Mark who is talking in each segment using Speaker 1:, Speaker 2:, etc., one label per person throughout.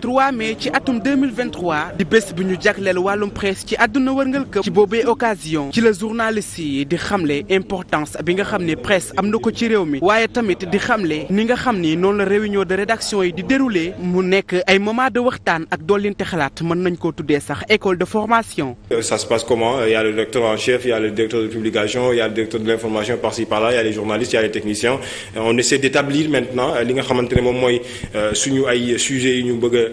Speaker 1: 3 mai ci atum 2023 di bés bi ñu jagleel wàllum presse ci àdduna wërngal këpp ci boobee occasion ci la journaliste yi di xamle importance bi nga xam ni presse am na ko ci réew mi waaye tamit di xamle ni nga xam ni noonu la réunion de rédaction yi di déroulé mu nekk ay moment de waxtaan ak dollinte xalaat mën nañ ko tuddee sax école de formation.
Speaker 2: Euh, ça se passe comment il euh, y a le directeur en chef il y a le directeur de publication il le directeur de l'information euh, li nga xamante ne moom mooy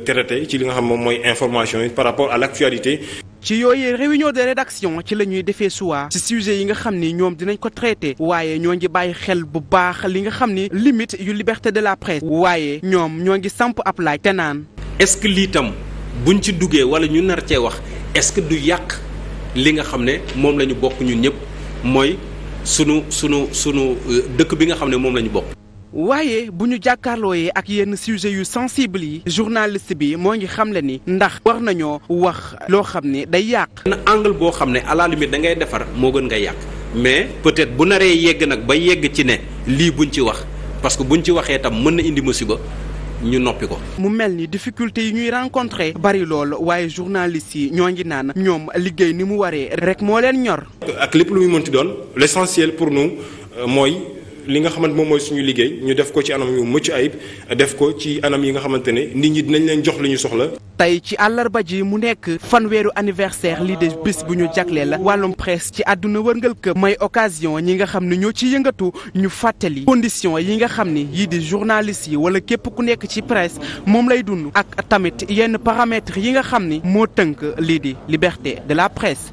Speaker 2: traité ci li nga xam moom mooy information yi par rapport à l'actualité
Speaker 1: ci yooyu réunion de rédaction ci la ñuy defee suwa ci sujet yi nga xam ni ñoom dinañ ko traité waaye ñoo ngi bàyyi xel bu baax li nga xam ni limite yu liberté de la presse waaye ñoom ñoo ngi samp ab laaj te naan
Speaker 3: est-ce que lii tam buñ ci duggee wala ñu nar cee wax est-ce que du yàq li nga xam ne moom la ñu bokk ñëpp mooy sunu sunu sunu euh, dëkk bi nga xam ne
Speaker 1: moom la ñu bokk waaye bu ñu jàkkaarlooyee ak yenn sujet yu sensible yi journaliste bi moo ngi xamle ni ndax war nañoo wax loo xam ne day yàq. na angle boo xam ne à
Speaker 3: la limite da ngay defar moo gën nga yàq mais peut-être bu naree yegg nag ba yegg ci ne lii buñ ci wax parce que buñ ci waxee tam mën na indi musiba. ñu noppi ko.
Speaker 1: mu mel ni difficulté yi ñuy rencontré bari lool waaye journaliste yi ñoo ngi naan ñoom liggéey ni mu waree rek moo leen ñor.
Speaker 2: ak lépp lu muy mënti doon l'essentiel pour nous euh, mooy. li nga xamante moom mooy suñu liggéey ñu def ko ci anam yu mucc ayib def ko ci anam yi nga xamante ne nit ñi dinañ leen jox li ñu soxla.
Speaker 1: tey ci àllarba ji mu nekk fanweeru anniversaire lii de bés bu ñu jagleel la wàllum presse ci àdduna wërngal këpp may occasion ñi nga xam ne ñoo ci yëngatu ñu fàttali condition yi nga xam ni yii di journaliste yi wala képp ku nekk ci presse moom lay dund ak tamit yenn paramètres yi nga xam ni moo tënk lii di liberté de la presse